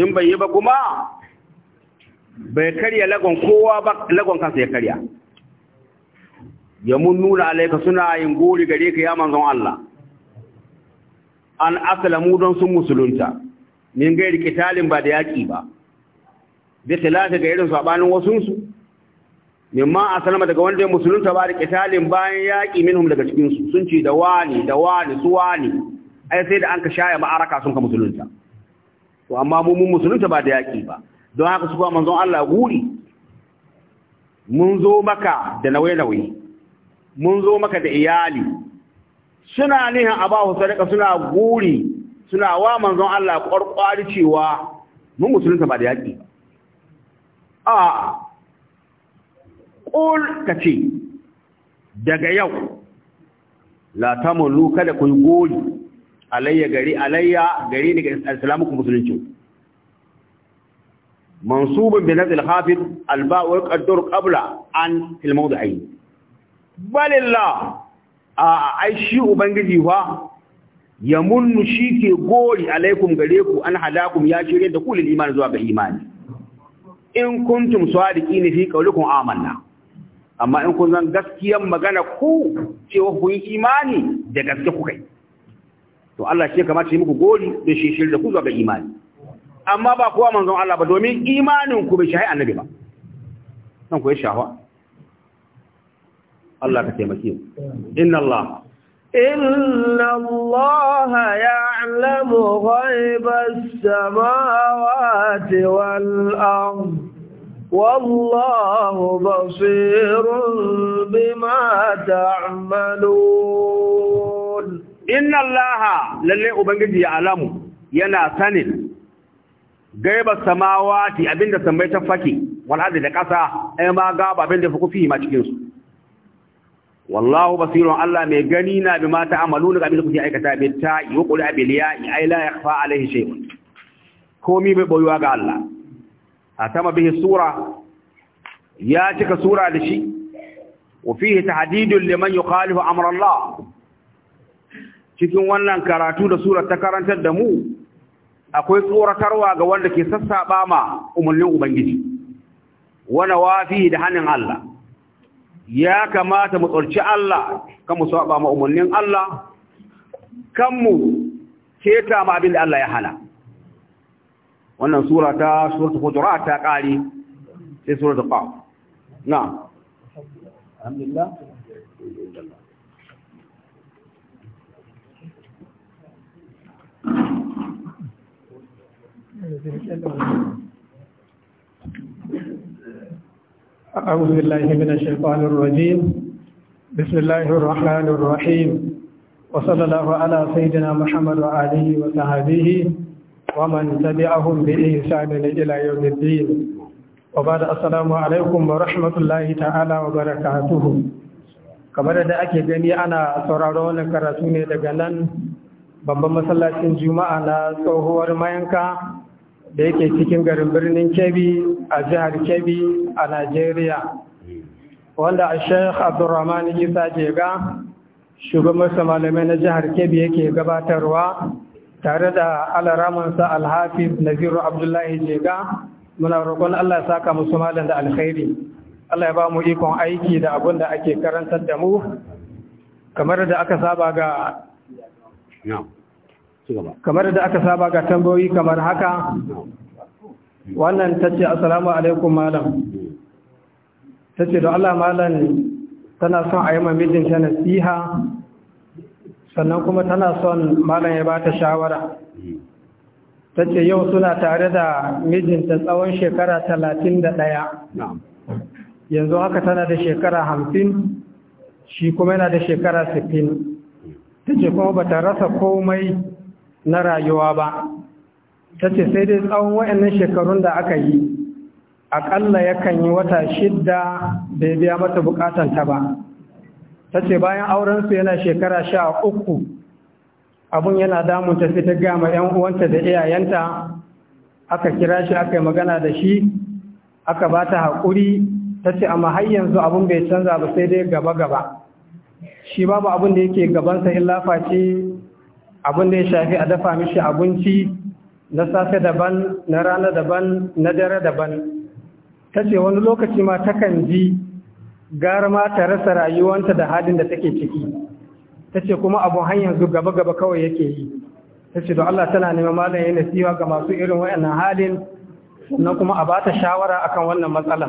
in bai yi ba kuma bai karya lagon kowa ba lagon kansa ya karya ya mun nuna alaika suna yin gori gare ka ya manzon Allah an aslamu don sun musulunta min gairi kitalin ba da yaki ba bi khilafi ga irin sabanin wasunsu a aslama daga wanda ya musulunta ba da kitalin bayan yaki minhum daga cikin su sun ce da wani da wani su wani ai sai da an ka shaya ma'araka sun ka musulunta to amma mu mun musulunta ba da yaki ba don haka su kuma manzon Allah guri mun zo maka da nawai-nawai mun zo maka da iyali suna nihin abahu sadaka suna guri suna wa manzon Allah ƙwarƙwari cewa mun musulunta ba da yaƙi a ƙul ka ce daga yau la tamulu kada ku yi guri alayya gari alayya gari daga islamuku musulunci mansubun bi nazil hafid alba wa qaddar qabla an fil mawdi'i balillah a ai shi ubangiji fa yamunnu ke gori alaikum gareku, ku an halakum ya shirya da kulil iman zuwa ga imani in kuntum sadiqin fi qawlikum amanna amma in kun zan gaskiyar magana ku cewa yi imani da gaske ku kai to Allah shi kamata yi muku gori da shi shirye da ku zuwa ga imani amma ba kowa manzon Allah ba domin imanin ku bai shahi annabi ba nan ku ya shahwa Allah ka taimake mu inna Allah إن الله يعلم غيب السماوات والأرض والله بصير بما تعملون إن الله للي أبنجي يعلم ينا سنن gaiba samawati abinda sammai ta fake wal da kasa ai ma gaba abinda fuku fi ma cikin su wallahu basirun Allah mai gani na bi mata amalu da abinda kuke aikata bi ta yi abiliya ai la yakhfa alaihi shay'un komi bai boyuwa ga Allah atama bihi sura ya cika sura da shi wa fihi tahdidun liman yukhalifu amra Allah cikin wannan karatu da sura ta karantar da mu akwai tsoratarwa ga wanda ke sassaɓa ma umarnin ubangiji wana wafi da hannun Allah ya kamata mu tsorci Allah kan mu saɓa ma umarnin Allah kan mu keta ma abin da Allah ya hana wannan sura ta ta hujurat ta ƙari sai suratul Na, Alhamdulillah, alhamdulillah أعوذ بالله من الشيطان الرجيم بسم الله الرحمن الرحيم وصلى الله على سيدنا محمد وآله وصحبه ومن تبعهم بإحسان إلى يوم الدين وبعد السلام عليكم ورحمة الله تعالى وبركاته kamar da ake gani ana sauraro wannan karatu ne daga nan babban masallacin juma'a na tsohuwar mayanka da yake cikin garin birnin kebi a jihar kebi a Najeriya. Wanda a Sheikh abdurrahman Isa Jega, shugaban malamai na jihar kebi yake gabatarwa tare da alaramansa Alhafiz Naziru Abdullahi Jega, muna roƙon Allah saka musu malam da alkhairi. Allah ya ba mu ikon aiki da abin da ake karantar da mu, kamar da aka saba ga kamar da aka saba ga tambayoyi kamar haka wannan ta ce assalamu alaikum malam ta ce da Allah malam tana son a yi mijinta nasiha sannan kuma tana son malam ya ba ta shawara ta ce yau suna tare da mijinta tsawon shekara talatin da ɗaya yanzu haka tana da shekara hamsin shi kuma yana da shekara sittin ta ce kuma ba ta rasa komai na rayuwa ba ta ce sai dai tsawon wayannan shekarun da aka yi aƙalla yakan yi wata shidda bai biya mata ta ba ta ce bayan aurensu yana shekara sha uku abun yana ta tafi ta gama 'yan uwanta da iyayenta aka kira shi aka yi magana da shi aka ba ta haƙuri ta ce amma har yanzu abun bai canza ba sai dai gaba-gaba shi babu abin da yake gabansa illa face abin da ya shafi a dafa mishi abinci na safe daban na rana daban na dare daban ta ce wani lokaci ma takan ji gara ma ta rasa rayuwanta da halin da take ciki ta ce kuma abun hanyar zu gaba-gaba kawai yake yi ta ce don Allah tana neman malam ya siwa ga masu irin wayannan halin sannan kuma a bata shawara akan wannan matsala.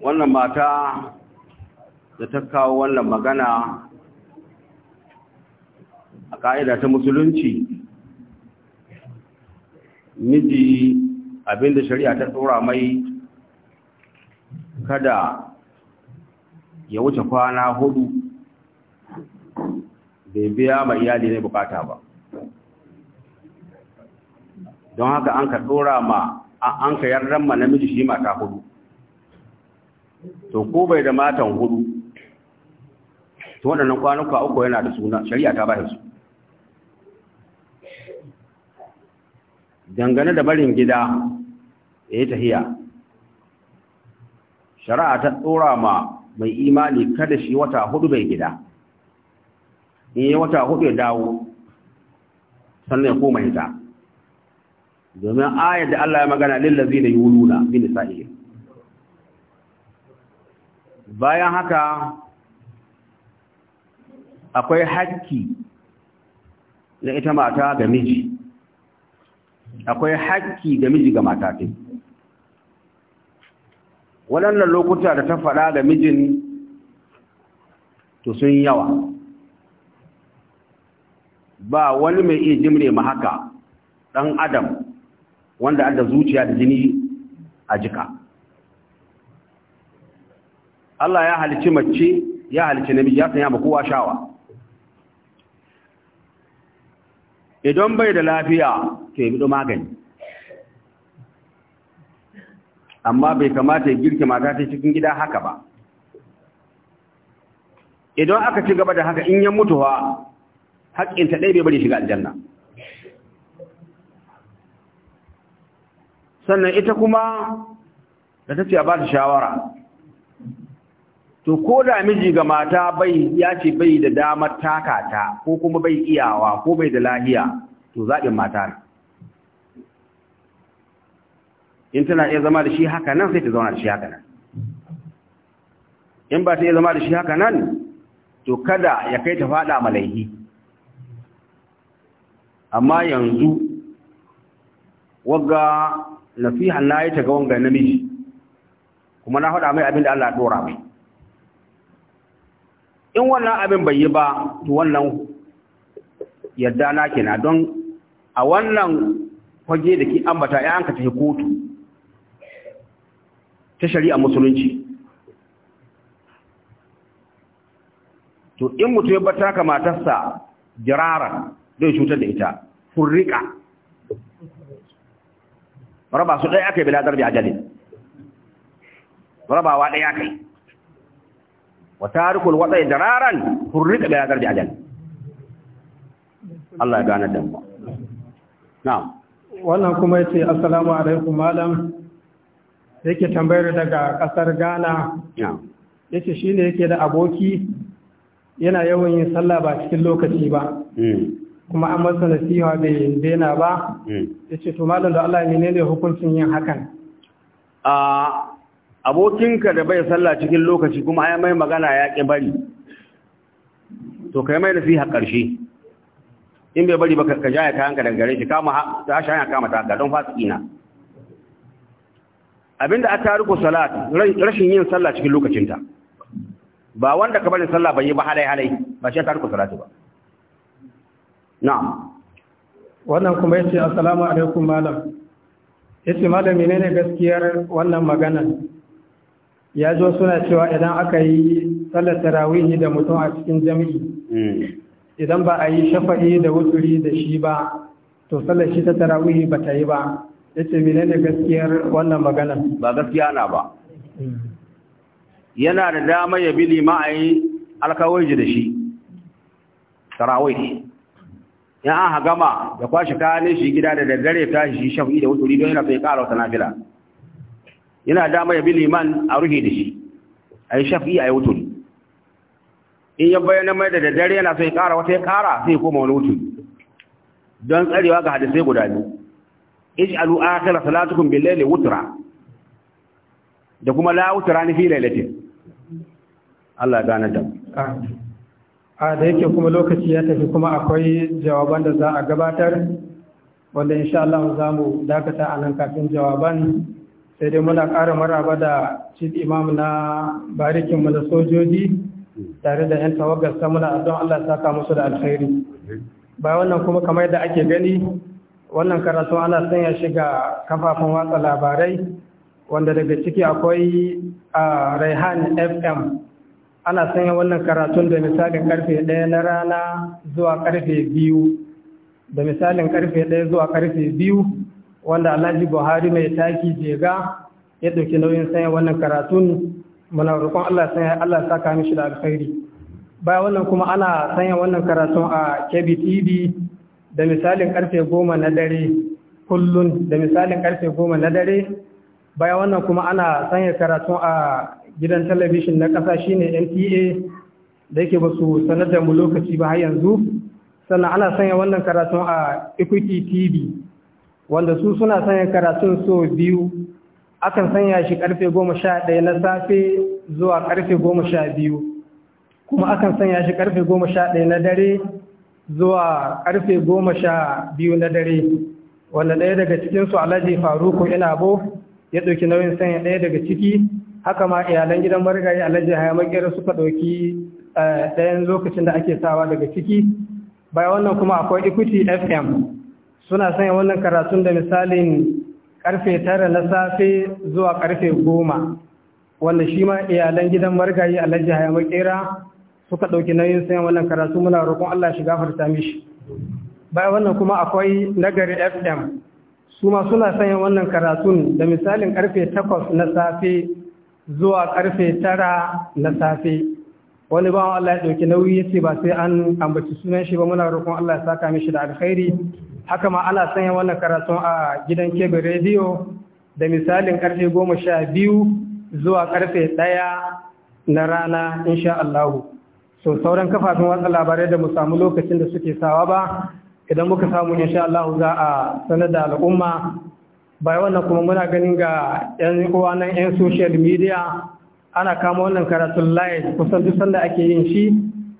wannan mata da ta kawo wannan magana a ka'ida ta musulunci miji abinda shari'a ta tsora mai kada ya wuce kwana hudu bai biya ma iyali ne bukata ba don haka an ka tsora ma an ka yarda ma namiji shi mata hudu to ko bai da matan hudu to waɗannan kwanuka uku yana da suna shari'a ta bayar su dangane da barin gida ya yi tahiya shari'a ta tsora ma mai imani kada shi wata hudu bai gida in yi wata hudu ya dawo sannan ya koma hita domin ayar da Allah ya magana lillazi da yuluna bin sa'ihim bayan haka akwai haƙƙi na ita mata ga miji akwai haƙƙi ga miji ga mata ce waɗannan lokuta da ta faɗa ga mijin to sun yawa ba wani mai iya jimre ma haka ɗan adam wanda adda zuciya da jini a jika Allah ya halici mace ya halici namiji ya sanya ma kowa shawa idan bai da lafiya to ya bido magani amma bai kamata ya girke mata ta cikin gida haka ba idan aka ci gaba da haka in ya mutuwa haƙƙinta ɗaya bai bari shiga aljanna sannan ita kuma da ta ce a ba shawara to ko da miji ga mata bai ya ce bai da damar taka ta ko kuma bai iyawa ko bai da lahiya to zaɓin mata in tana iya zama da shi haka nan sai ta zauna da shi haka nan in ba ta iya zama da shi haka nan to kada ya kai ta faɗa malaihi amma yanzu wagga nasiha na yi ta ga wanga namiji kuma na faɗa mai abin da Allah ya mai in wannan abin bai yi ba to wannan yadda na kina don a wannan kwaje da ke ambata ya hanka tafi kotu ta shari'a musulunci to in mutu ya bata ka matarsa jirara don cutar da ita furrika raba su ɗaya aka yi biladar bi ajalin rabawa ɗaya aka yi wa tarikul wadai dararan furrika bila gardi ajal Allah ya gane da mu na'am wannan kuma yace assalamu alaikum malam yake tambayar daga kasar Ghana yace shine yake da aboki yana yawan yin sallah ba cikin lokaci ba hmm. kuma an masa nasiha bai dena ba hmm. yace to malam da Allah menene hukuncin yin hakan a ah, abokinka da bai sallah cikin lokaci kuma ya mai magana ya ƙi bari to kai mai nasiha ƙarshe in bai bari ba ka jaya kayanka daga gare shi kama ta ya kama ta don fasiki na abinda a tariku salat rashin yin sallah cikin lokacinta ba wanda ka bari sallah bai yi ba halai halai ba shi tariku salat ba na'am wannan kuma yace assalamu alaikum malam yace ne menene gaskiyar wannan magana ya zo suna cewa idan aka yi sallar tarawihi da mutum a cikin jami'i hmm. idan ba a yi shafa'i da wuturi da shi ba to sallar shi ta tarawihi ba ta yi ba ya ce ne gaskiyar wannan maganar ba gaskiya na ba hmm. yana da dama ya bi lima'ai alkawai da shi tarawih ya an gama da kwashi kayan shi gida da daddare ta shi shafi da wuturi don yana sai ƙara wata nafila yana dama ya bi liman a ruhi da shi a yi shafi a yi wuturi in ya bayyana mai da daddare yana sai kara wata ya kara sai koma wani wuturi don tsarewa ga hadisai guda biyu ij'alu akhira salatukum bil layli wutra da kuma la wutra ni fi laylati Allah gane da a da yake kuma lokaci ya tafi kuma akwai jawaban da za a gabatar wanda insha Allah za mu dakata anan kafin jawaban sai dai muna ƙara maraba da chief imam na barikinmu da sojoji tare da 'yan tawagar samuna muna don Allah saka musu da alkhairi ba wannan kuma kamar yadda ake gani wannan karatu ana sanya shiga kafafen watsa labarai wanda daga ciki akwai a raihan fm ana sanya wannan karatun da misalin karfe ɗaya na rana zuwa karfe biyu da misalin karfe ɗaya zuwa karfe biyu wanda alhaji buhari mai taki jega ya ɗauki nauyin sanya wannan karatun muna roƙon allah sanya allah saka mishi da alkhairi bayan wannan kuma ana sanya wannan karatun a kebi tv da misalin karfe goma na dare kullun da misalin karfe goma na dare bayan wannan kuma ana sanya karatun a gidan talabishin na ƙasa shine nta da yake ba su sanar da mu lokaci ba har yanzu sannan ana sanya wannan karatun a equity tv wanda su suna sanya karatun so biyu akan sanya shi karfe goma sha ɗaya na safe zuwa karfe goma sha biyu kuma akan sanya shi karfe goma sha ɗaya na dare zuwa karfe goma sha biyu na dare wanda ɗaya daga cikinsu alhaji faruku bo ya ɗauki nauyin sanya ɗaya daga ciki haka ma iyalan gidan margari alhaji haya makera suka ɗauki eh, ɗayan lokacin da ake sawa daga ciki bayan wannan kuma akwai ikuti fm suna sanya wannan karatun da misalin karfe tara na safe zuwa karfe goma wanda shi ma iyalan gidan margayi alhaji haya makera suka ɗauki nauyin sanya wannan karatu muna roƙon Allah shiga farta mishi bayan wannan kuma akwai nagari fm su ma suna sanya wannan karatun da misalin karfe takwas na safe zuwa karfe tara na safe wani bawan Allah ya ɗauki nauyi ya ce ba sai an ambaci sunan shi ba muna roƙon Allah ya saka mishi da alkhairi haka ma ana sanya wannan karatun a gidan kebe rediyo da misalin karfe goma sha biyu zuwa karfe ɗaya na rana insha Allahu. So sauran kafafen watsa labarai da mu samu lokacin da suke sawa ba idan muka samu insha Allahu za a sanar da al'umma bai wannan kuma muna ganin ga 'yan uwa nan 'yan social media ana kama wannan karatun live kusan duk sanda ake yin shi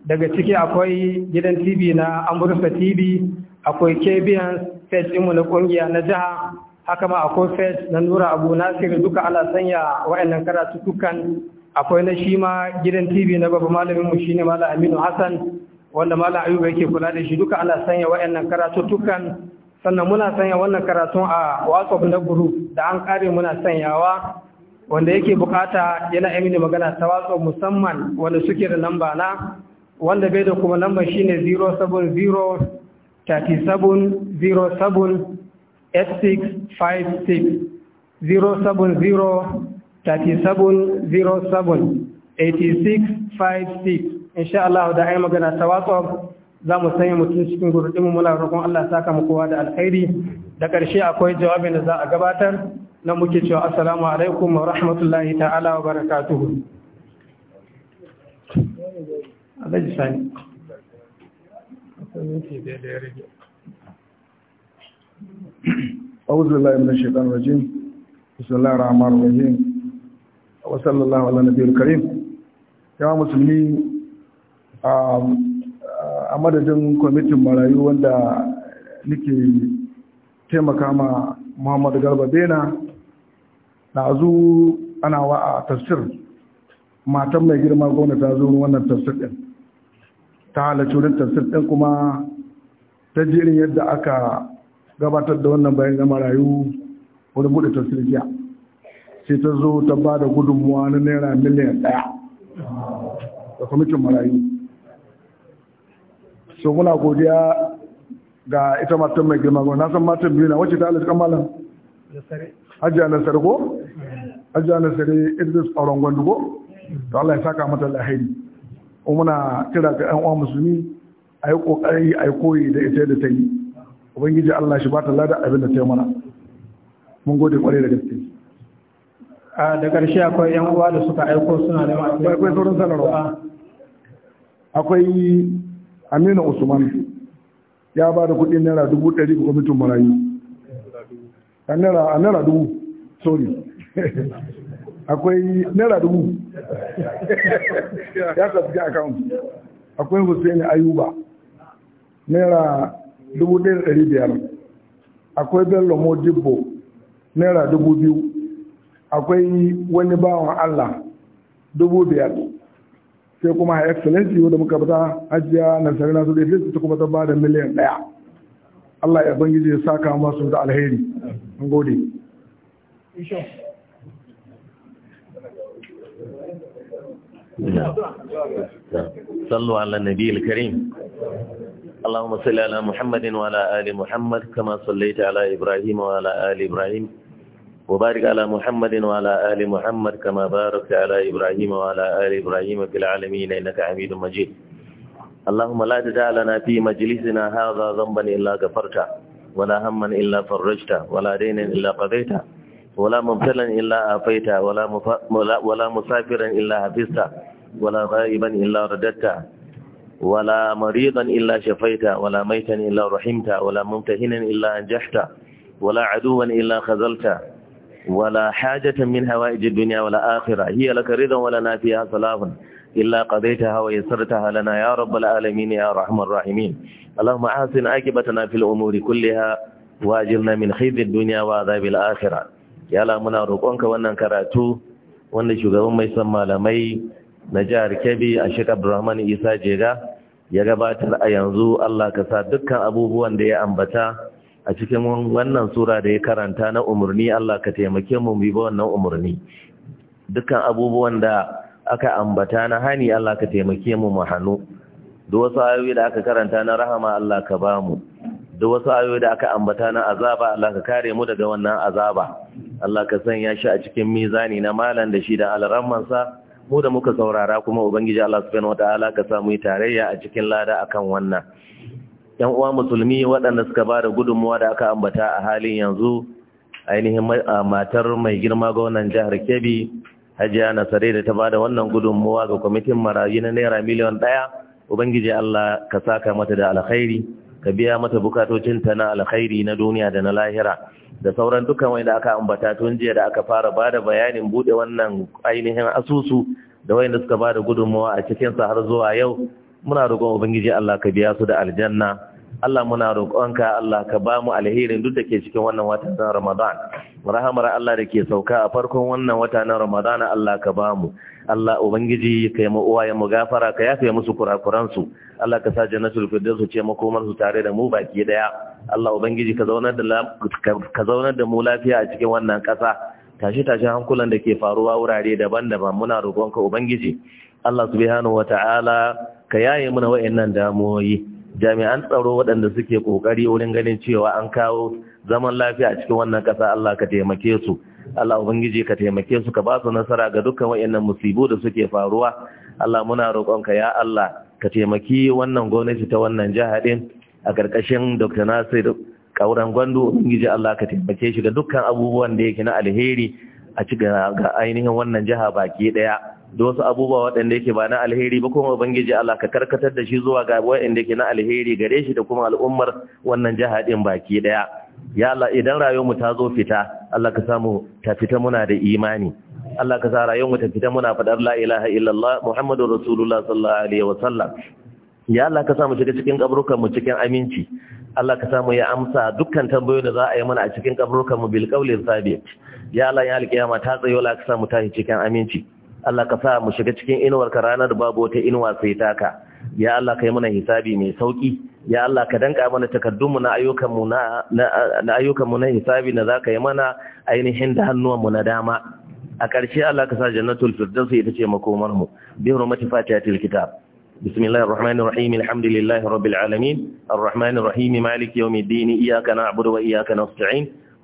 daga ciki akwai gidan tv na amurka tv akwai kebiyan fes ɗinmu na ƙungiya na jiha haka ma akwai fes na nura abu nasir duka ala sanya wa'annan karatu tukan akwai na shi ma gidan tv na babu malamin mu shine malam aminu hassan wanda malam ayuba yake kula da shi duka ala sanya wa'annan karatu tukan sannan muna sanya wannan karatun a whatsapp na group da an kare muna sanyawa wanda yake bukata yana yi magana ta whatsapp musamman wanda suke da lamba na wanda bai da kuma lamba shine 070 3707 8656 insha Allah da ai magana ta WhatsApp za mu sanya mutum cikin gurudinmu muna roƙon Allah saka mu kowa da alkhairi da ƙarshe akwai jawabin da za a gabatar na muke cewa assalamu alaikum wa rahmatullahi ta'ala wa barakatuhu. minti da ya rage أعوذ um, a madadin kwamitin marayu wanda nake taimaka ma muhammadu garba bena na zu ana wa a tasir matan mai girma gwamnati ta zo wannan tafsir ta halarci wurin tafsir ɗin kuma ta jirin yadda aka gabatar da wannan bayan gama rayu wurin buɗe tafsir jiya sai ta zo ta ba da gudunmuwa na naira miliyan ɗaya da kwamitin marayu so muna godiya ga ita matan mai girma Na san matan biyu na wacce ta halarci hajji a na ko hajji na sare idris auren gwandugo Da allah ya saka mata lahiri muna kira ga ƴan uwa musulmi a yi kokari a yi koyi da ita da ta yi ubangiji Allah shi ba ta lada abin da ta yi mana mun gode kwarai da gaske a da ƙarshe akwai ƴan uwa da suka aiko suna da masu akwai sauran sanarwa akwai aminu usman ya ba da kuɗin naira dubu ɗari ga kwamitin marayu a naira dubu sorry [LAUGHS] akwai naira dubu ya tafi account akwai Hussein Ayuba naira dubu ɗin ɗari biyar akwai Bello Modibo naira dubu biyu akwai wani bawan Allah dubu biyar sai kuma a excellency wadda muka bata ajiya na sarina su da ta kuma ta bada miliyan ɗaya Allah ya bangiji ya saka masu da alheri. Ngode. صلوا على النبي الكريم اللهم صل على محمد وعلى آل محمد كما صليت على إبراهيم وعلى آل إبراهيم وبارك على محمد وعلى آل محمد كما باركت على إبراهيم وعلى آل إبراهيم في العالمين إنك حميد مجيد اللهم لا تجعلنا في مجلسنا هذا ذنبا إلا غفرته ولا هما إلا فرجته ولا دينا إلا قضيته ولا مبتلا إلا آفيته ولا, مف... ولا, ولا مسافرا إلا حفظته ولا غائبا إلا رددته ولا مريضا إلا شفيته ولا ميتا إلا رحمته ولا ممتهنا إلا أنجحته ولا عدوا إلا خذلته ولا حاجة من هوائج الدنيا والآخرة هي لك رضا ولنا فيها صلاف إلا قضيتها ويسرتها لنا يا رب العالمين يا رحم الراحمين اللهم عاصن عاقبتنا في الأمور كلها واجرنا من خزي الدنيا وعذاب الآخرة ya la muna roƙonka wannan karatu wanda shugaban mai san malamai na jihar Kebbi a Sheikh Isa Jega ya gabatar a yanzu Allah ka sa dukkan abubuwan da ya ambata a cikin wannan sura da ya karanta na umarni Allah ka taimake mu bi wannan umarni dukkan abubuwan da aka ambata na hani Allah ka taimake mu mahanu duk wasu ayoyi da aka karanta na rahama Allah ka ba mu da wasu ayoyi da aka ambata na azaba Allah ka kare mu daga wannan azaba Allah ka sanya shi a cikin mizani na malan da shi da alrammansa mu da muka saurara kuma ubangiji Allah subhanahu wataala ka sa mu yi tarayya a cikin lada akan wannan yan uwa musulmi waɗanda suka ba da gudunmuwa da aka ambata a halin yanzu ainihin matar mai girma gwamnan jihar Kebbi Hajiya Nasare da ta ba da wannan gudunmuwa ga kwamitin marayu na naira miliyan ɗaya Ubangiji Allah ka saka mata da alkhairi ka biya mata bukatocin ta na alkhairi na duniya da na lahira da sauran dukkan wanda aka ambata tun jiya da aka fara bada bayanin bude wannan ainihin asusu da wanda suka bada gudunmawa a cikin sa har zuwa yau muna roƙon ubangiji Allah ka biya su da aljanna Allah muna roƙonka Allah ka ba mu alherin duk da ke cikin wannan watan na Ramadan rahamar Allah da ke sauka a farkon wannan wata na Ramadan Allah ka ba mu Allah ubangiji ka yi uwayen mu gafara ka yafe musu kurakuran su Allah ka sa jannatul firdaus ce makomar su tare da mu baki daya Allah ubangiji ka zaunar da ka mu lafiya a cikin wannan kasa tashi tashi hankulan da ke faruwa wurare daban-daban muna roƙonka ubangiji Allah subhanahu Ta'ala ka yaye muna wa'annan damuwoyi jami'an tsaro waɗanda suke ƙoƙari wurin ganin cewa an kawo zaman lafiya a cikin wannan ƙasa Allah ka taimake su Allah ubangiji ka taimake su ka ba su nasara ga dukkan wayannan musibu da suke faruwa Allah muna roƙonka ya Allah ka taimaki wannan gwamnati ta wannan jiha ɗin. a ƙarƙashin Dr. Nasir Kauran gwandu ubangiji Allah ka taimake shi da dukkan abubuwan da yake na alheri a cikin ga ainihin wannan jiha baki ɗaya. da wasu abubuwa waɗanda yake ba na alheri ba kuma ubangiji Allah ka karkatar da shi zuwa ga waɗanda yake na alheri gare shi da kuma al'ummar wannan jiha din baki ɗaya. ya Allah idan rayuwar mu ta zo fita Allah ka samu ta fita muna da imani Allah ka sa rayuwar mu ta fita muna faɗar la ilaha illallah muhammadur rasulullah sallallahu alaihi wasallam ya Allah ka samu shiga cikin kabrukan mu cikin aminci Allah ka samu ya amsa dukkan tambayoyin da za a yi mana a cikin kabrukan mu bil qawli sabit ya Allah ya alkiyama ta tsayo la ka samu tahi cikin aminci Allah ka sa mu shiga cikin inuwarka ranar babu wata inuwa sai taka ya Allah ka yi mana hisabi mai sauki ya Allah ka danka mana takardun na ayyukanmu na na ayyukanmu na hisabi na zaka yi mana ainihin da hannuwanmu na dama a ƙarshe Allah ka sa jannatul firdaus ita ce makomar mu bi hurmati fatihatil kitab بسم الله الرحمن الرحيم الحمد لله رب العالمين الرحمن الرحيم مالك يوم الدين إياك نعبد وإياك نستعين